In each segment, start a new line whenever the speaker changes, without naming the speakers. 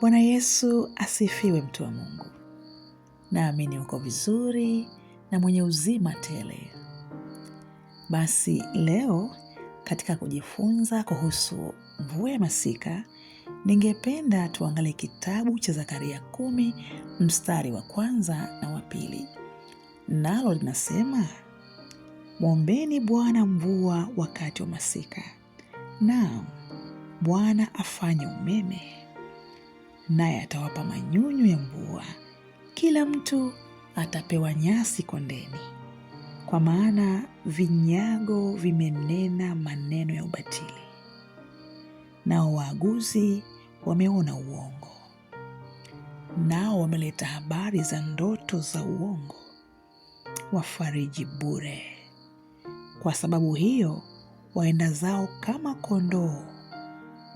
Bwana Yesu asifiwe, mtu wa Mungu. Naamini uko vizuri na mwenye uzima tele. Basi leo katika kujifunza kuhusu mvua ya masika, ningependa tuangalie kitabu cha Zakaria kumi mstari wa kwanza na wa pili, nalo linasema mwombeni Bwana mvua wakati wa masika, naam Bwana afanye umeme naye atawapa manyunyu ya mvua. Kila mtu atapewa nyasi kondeni, kwa maana vinyago vimenena maneno ya ubatili, nao waaguzi wameona uongo, nao wameleta habari za ndoto za uongo, wafariji bure. Kwa sababu hiyo waenda zao kama kondoo,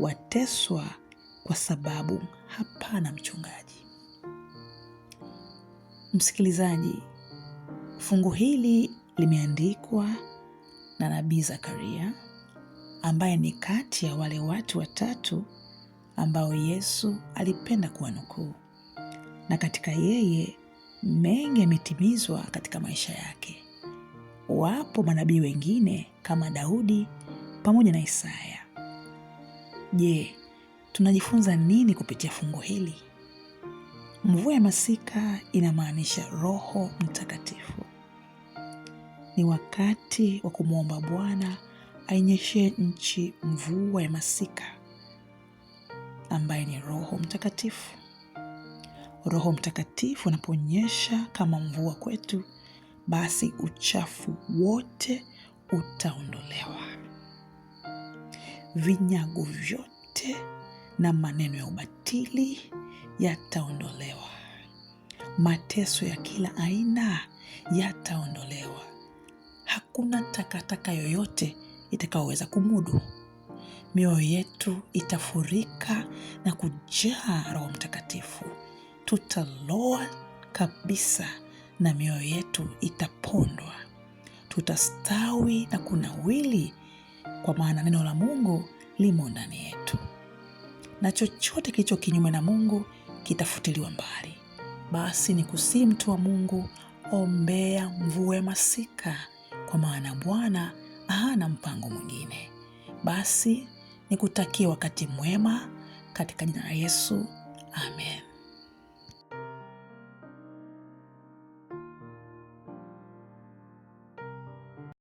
wateswa kwa sababu hapana mchungaji. Msikilizaji, fungu hili limeandikwa na nabii Zakaria ambaye ni kati ya wale watu watatu ambao Yesu alipenda kuwanukuu, na katika yeye mengi yametimizwa katika maisha yake. Wapo manabii wengine kama Daudi pamoja na Isaya. Je, tunajifunza nini kupitia fungu hili? Mvua ya masika inamaanisha Roho Mtakatifu. Ni wakati wa kumwomba Bwana ainyeshe nchi mvua ya masika ambaye ni Roho Mtakatifu. Roho Mtakatifu anaponyesha kama mvua kwetu, basi uchafu wote utaondolewa, vinyago vyote na maneno ya ubatili yataondolewa. Mateso ya kila aina yataondolewa. Hakuna takataka yoyote itakayoweza kumudu. Mioyo yetu itafurika na kujaa Roho Mtakatifu. Tutaloa kabisa na mioyo yetu itapondwa. Tutastawi na kunawili, kwa maana neno la Mungu limo ndani yetu na chochote kilicho kinyume na Mungu kitafutiliwa mbali. Basi ni kusii mtu wa Mungu, ombea mvua ya masika, kwa maana Bwana hana mpango mwingine. Basi kutakia wakati mwema katika jina la Yesu, amen.